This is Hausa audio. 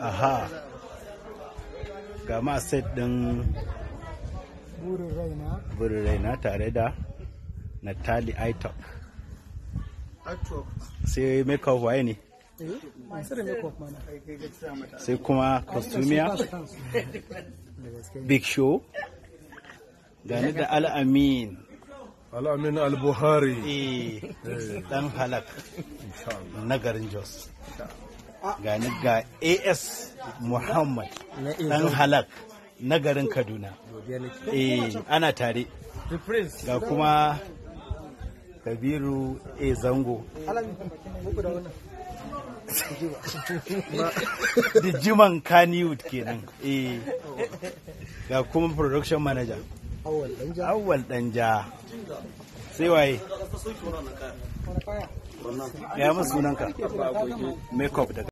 aha ga set din burin raina tare da natali itop sai of waye ne eh, sai kuma costumiya big show gani da al'amin al'amin al-buhari eh, eh. dan halak na garin jos gani ga as muhammad dan halak na garin kaduna eh ana tare ga kuma kabiru a zango jiman kaniwood kenan eh ga kuma production manager awwal danja sai waye ya masu sunanka makeup da